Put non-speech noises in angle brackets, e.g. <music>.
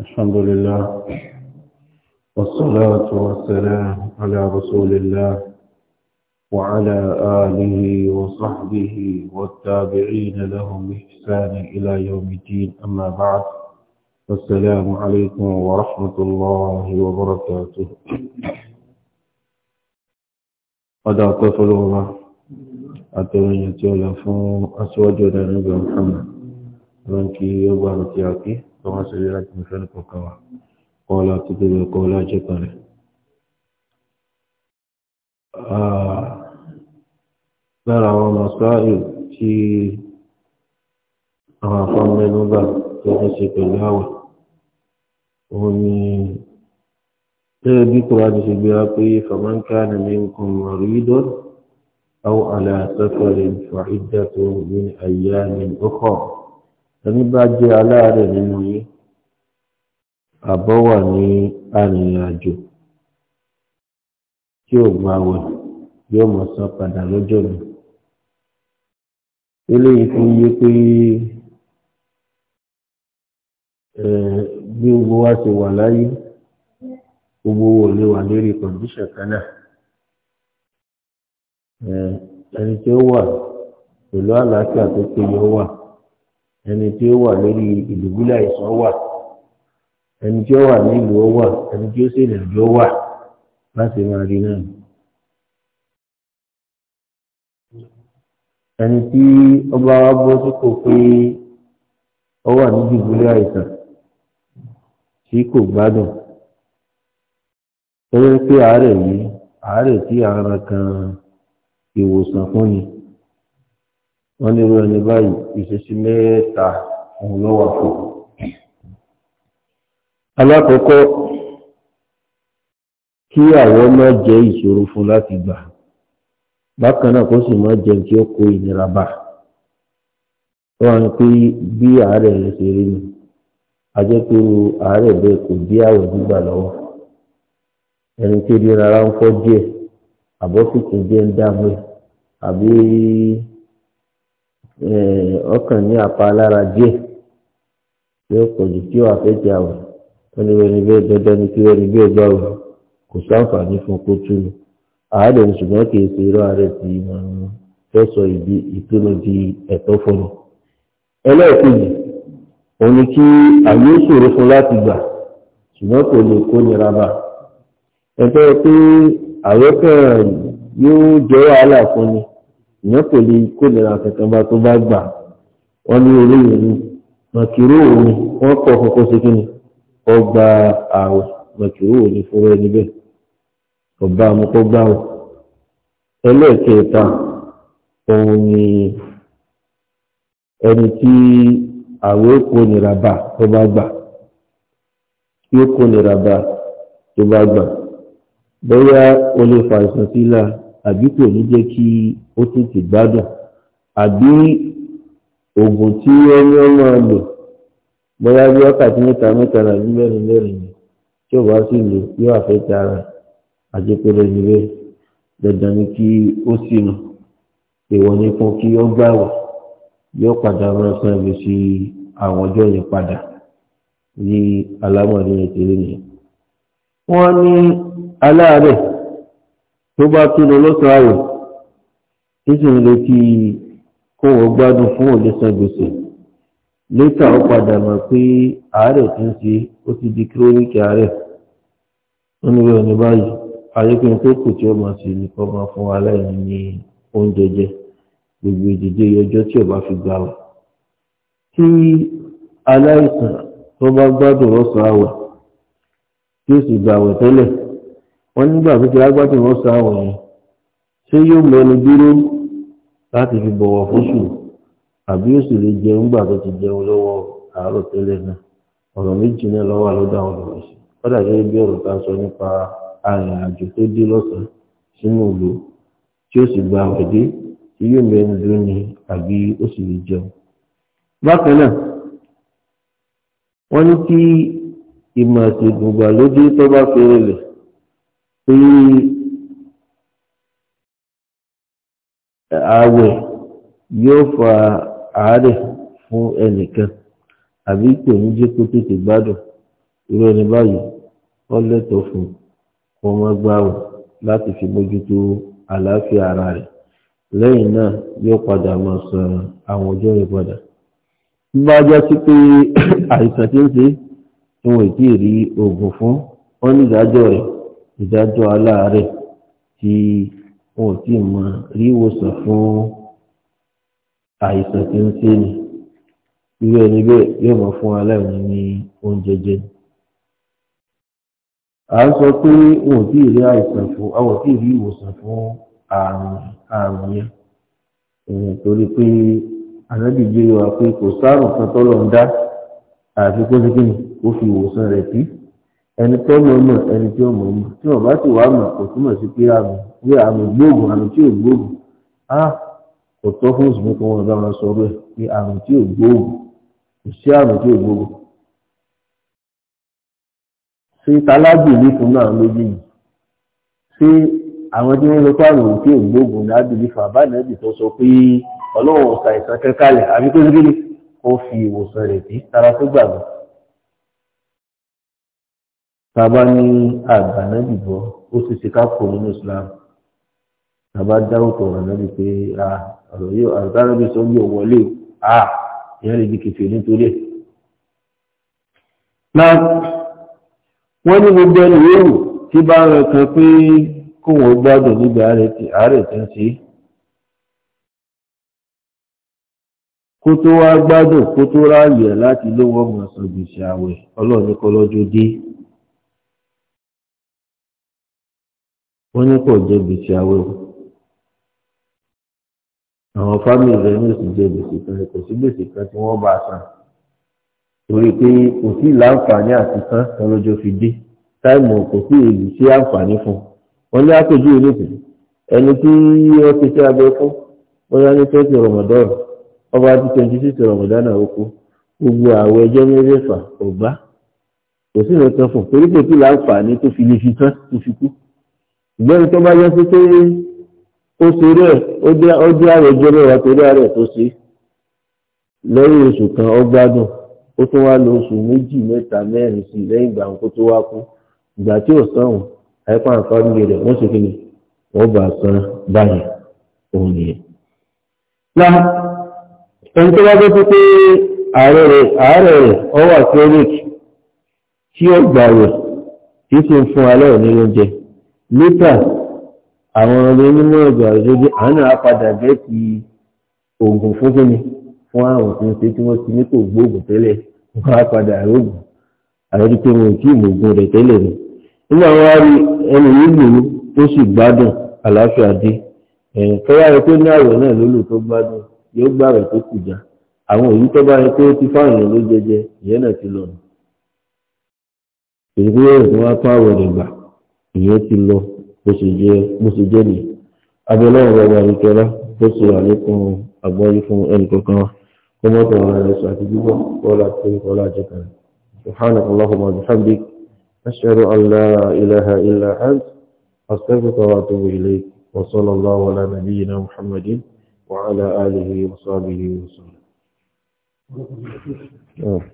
الحمد لله والصلاة والسلام على رسول الله وعلى آله وصحبه والتابعين لهم بإحسان إلى يوم الدين أما بعد السلام عليكم ورحمة الله وبركاته قد أقفل الله أتمنى فون أسواجنا نبي محمد من كي يبارك يعطيه kọ́ wá sórí láti mú fẹ́ni kọ̀ọ̀kan wa kọ́ wá láti tó bẹ̀rẹ̀ kọ́ wá láti jẹ́ kan rẹ̀. Ah, lára àwọn masáàlù tí àwọn afọ́nmẹ́lúgbà tó ń ṣe pẹ̀lú àwẹ̀ òun ni gẹ́gẹ́ bí kùránì ṣe gbéra pé faman kana minkum maridan aw ala safarin fa iddatun min ayyamin ukhra ẹni bá jẹ́ aláàárẹ̀ nínú yín àbọ̀ wà ní arìnrìn-àjò tí ò gbààwẹ̀ yóò mọ̀ san padà lọ́jọ́ mi eléyìí fi yé pé bí gbogbo wa ti wà láyé gbogbo wo lè wà lérí kọ̀ǹdíṣàn kan ẹni tí ó wà pẹ̀lú àlàáfíà tó péye ó wà ẹni tí ó wà lórí ìdùbúlẹ̀ àìsàn wà ẹni tí ó wà nílùú ó wà ẹni tí ó sì rìn àjò wà láti máa rí náà. ẹni tí ọba wa bọ́ sípò pé ó wà ní ìdùbúlẹ̀ àìsàn tí kò gbádùn tó yẹ pé àárẹ̀ yìí àárẹ̀ tí ara kan ìwòsàn fún ni wọ́n nínú ẹni báyìí ìṣesí mẹ́ta òun ló wà fún. alákọ̀ọ́kọ́ kí àwọn má jẹ́ ìṣòro fún láti gbà bákan náà kó sì má jẹ́ kí ó kó ìnira bá wọ́n á pé bí àárẹ̀ rẹ̀ ṣe rí ni a jẹ́ pé àárẹ̀ bẹ́ẹ̀ kò dí àwẹ̀ gbígbà lọ́wọ́ ẹni tí rárá ń fọ́ díẹ̀ àbọ́sìkì díẹ̀ ń dààmú àbí Eh, ọkàn ní àpalára díẹ̀ tí ó pọ̀ jù tí ó àfẹ́tì àwẹ̀ tọ́lú dandan ni kí ẹni bẹ́ẹ̀ gbà kò sáǹfààní fún kó àádọ́ ní ṣùgbọ́n kì í ṣe irọ́ ààrẹ tí fẹ́ sọ ìdí ìpinnu di ẹ̀tọ́ fún mi. ẹlẹ́ẹ̀kejì òun ni kí àyè ìṣòro fún láti gbà ṣùgbọ́n kò bá ẹgbẹ́ pé yóò jẹ́ wàhálà fún mi. ìyẹn kò lè kólera kankan bá tó bá gbà wọ́n ní eléyìí ni màkìrú òun wọ́n kọ́ kókó sí kí ni kọ́ gba ààwẹ̀ màkìrú òun ni fúnra ẹni bẹ́ẹ̀ kò bá mu kó òun ni ẹni tí ààwẹ̀ kò nira bá tó bá gbà yóò kò nira bá tó bá gbà bóyá o lè fa àìsàn sílá àbí kò ní jẹ́ kí ó tètè gbádùn àbí oògùn tí ẹni ọmọ lò bóyá bí wákàtí mẹ́ta mẹ́ta àbí mẹ́rin mẹ́rin ni tí ò bá sì lò yóò àfẹ́tẹ̀ ara àjẹpẹrẹ níbẹ̀ dandan ni kí ó sì nù ni fún kí ó gbàwọ̀ yóò padà máa san gbèsè àwọn ọjọ́ yẹn padà ní alámọ̀dé yẹn tẹ̀lé nìyẹn. wọ́n ní aláàárẹ̀ tó bá tún lọ lọ́sàn àwẹ̀ tí sì ń retí kó wọ́n gbádùn fún òlẹ́sàn gbèsè létà ó padà mọ̀ pé àárẹ̀ tí ń ṣe ó ti di kíróníkì àárẹ̀ nínú rẹ̀ ní báyìí ayékùn tó kù tí ó máa ṣe ní kọ́ máa fún aláìní ní oúnjẹ jẹ gbogbo ìdíje ọjọ́ tí ò bá fi gbà wọ̀ tí aláìsàn tó bá gbádùn lọ́sàn àwẹ̀ tí ó sì gbàwẹ̀ tẹ́lẹ̀ wọ́n nígbà tó ti lágbájú wọn sọ àwọn ṣé yóò mẹ́ni dúró láti fi bọ̀wọ̀ fóṣù àbí yóò sì lè jẹun gbà tó ti jẹun lọ́wọ́ àárọ̀ tẹ́lẹ̀ náà ọ̀rọ̀ méjì náà lọ́wọ́ àlọ́dọ̀ àwọn ọ̀rọ̀ sí kọ́dà gẹ́gẹ́ bí ọ̀rọ̀ tá a sọ nípa àjò tó dé lọ́sàn sínú ìlú tí ó sì gba dé tí yóò mẹ́nu dúró ni àbí ó sì lè jẹun. pé ààwẹ̀ eh, yóò fa àárẹ̀ fún ẹnìkan àbí kò ní jẹ́ kó tètè gbádùn irú ẹni báyìí wọ́n lẹ́tọ̀ọ́ fún wọn máa gbààwẹ̀ láti fi mójútó àlàáfíà ara rẹ̀ lẹ́yìn náà yóò padà máa san àwọn ọjọ́ rẹ̀ padà bá jẹ́ sí pé <coughs> àìsàn tí ń ṣe tí wọ́n ì tí ì rí oògùn fún wọn ní ìdájọ́ rẹ̀ ìdájọ́ aláàárẹ̀ tí wọn ò tí ì mọ rí ìwòsàn fún àìsàn tí ń ṣe ni irú ẹni bẹ́ẹ̀ yóò mọ̀ fún aláìní ní oúnjẹ jẹ. à ń sọ pé wọn ò tí ì rí àìsàn fún àwọn tí ì rí ìwòsàn fún àrùn àrùn yẹn torí pé ànábì jẹ́ wa kò sáàrùn kan tọ́lọ̀ ń dá àfi ní kí ó fi ìwòsàn rẹ̀ pí ẹni tó mọ̀ mọ̀ ẹni tí ó mọ̀ mọ̀ tí wọ́n bá sì wá mọ̀ kò túmọ̀ sí pé àmì pé àmì gbóògùn àmì tí ò gbóògùn á kò tọ́ fún ìsìnkú kí wọ́n bá wọn sọ rẹ̀ pé àmì tí ò gbóògùn kò sí àmì tí ò gbóògùn. ṣé talábìlì fún náà méjì yìí ṣé àwọn tí wọ́n lọ pé àmì tí ò gbóògùn ní ábìlì fún àbánẹ́bì tó sọ pé ọlọ́run ọ̀sà ìsàn àbí tó ń gbé kó fi ìwòsàn rẹ̀ tí tara tó gbàgbọ́ tàbá ní àgbànábì bọ́ ó sì ṣe ká nínú Islam tàbá dáhùn tó rà nábì pé ọ̀rọ̀ yóò àgbànábì sọ yóò wọlé à ìyá lè di kẹfẹ nítorí ẹ̀. náà wọ́n ní gbogbo ẹni yóò tí bá rẹ̀ kan pé kó wọ́n gbádùn níbi àárẹ̀ tẹ́ ń kó tó wá gbádùn kó tó ráàyè láti lówó ọmọ ọ̀sán gbèsè àwẹ̀ ọlọ́ọ̀ni kọ́lọ́jọ́ dé wọ́n ní kò jẹ̀bi sí awéwò àwọn fámìlì rẹ̀ ní òsì jẹ̀bi sí kan kò sí gbèsè kan tí wọ́n bá san torí pé kò sí láǹfààní àti kan lọ́jọ́ fi dé táìmù kò sí èyí sí àǹfààní fún wọn ní àpèjú ìlúkù ẹni tí wọ́n ti ṣe abẹ fún wọ́n yá ní twenty ramadan ọba ti twenty six ramadan náà kú gbogbo àwọn ẹjọ́ mẹ́rẹ̀ẹ̀fà ọ̀gbá kò sí nǹkan fún torí kò sí láǹfààní tó fi lè fi tán tó fi kú ìgbẹ́ni tó bá yẹ sí pé ó ṣe rẹ̀ ó dé àròjọ mẹ́wàá torí àrẹ̀ tó ṣe lẹ́yìn oṣù kan ó gbádùn ó tún wá lọ oṣù méjì mẹ́ta mẹ́rin sí lẹ́yìn ìgbà kó tó wá kú ìgbà tí ò sọ̀hún àìpá àǹfààní rẹ̀ wọ́n ṣe kí ni wọ́n bá san báyìí òun nìyẹn. na ẹni tó bá gbé sí pé ààrẹ rẹ̀ ààrẹ rẹ̀ ọwọ́ àti oríkì tí ó gbà rẹ̀ kì í sì ń fún alẹ́ òní lóúnjẹ. níta àwọn ọmọ onímọ̀ ọ̀gbà ìjọba àánà apadà jẹ́ ti oògùn fún ni fún àwọn tó ń ṣe tí wọ́n ti ní kò gbóògùn tẹ́lẹ̀ wọ́n á padà rògùn tí rẹ̀ tẹ́lẹ̀ ni. nínú àwọn arí ẹni yìí lò ó tó sì gbádùn àlàáfíà dé ẹ̀yìn rẹ tó ní àwẹ̀ náà ló lò tó ti fáwọn ló jẹjẹ ìyẹn náà ti lọ ìyẹn ti lọ bó ṣe jẹ́ nìyí abẹ́lẹ́wọ̀n bàbá àríkẹ́lá bó ṣe àlékún àgbọ́yé fún ẹnì kankan wa kó àwọn ẹ̀rọ àti gbígbọ́ kọ́lá tó ń kọ́lá jẹ́kàn سبحانك اللهم وبحمدك أشهد أن لا إله إلا أنت أستغفرك وأتوب إليك وصلى الله على نبينا محمد وعلى آله وصحبه وسلم.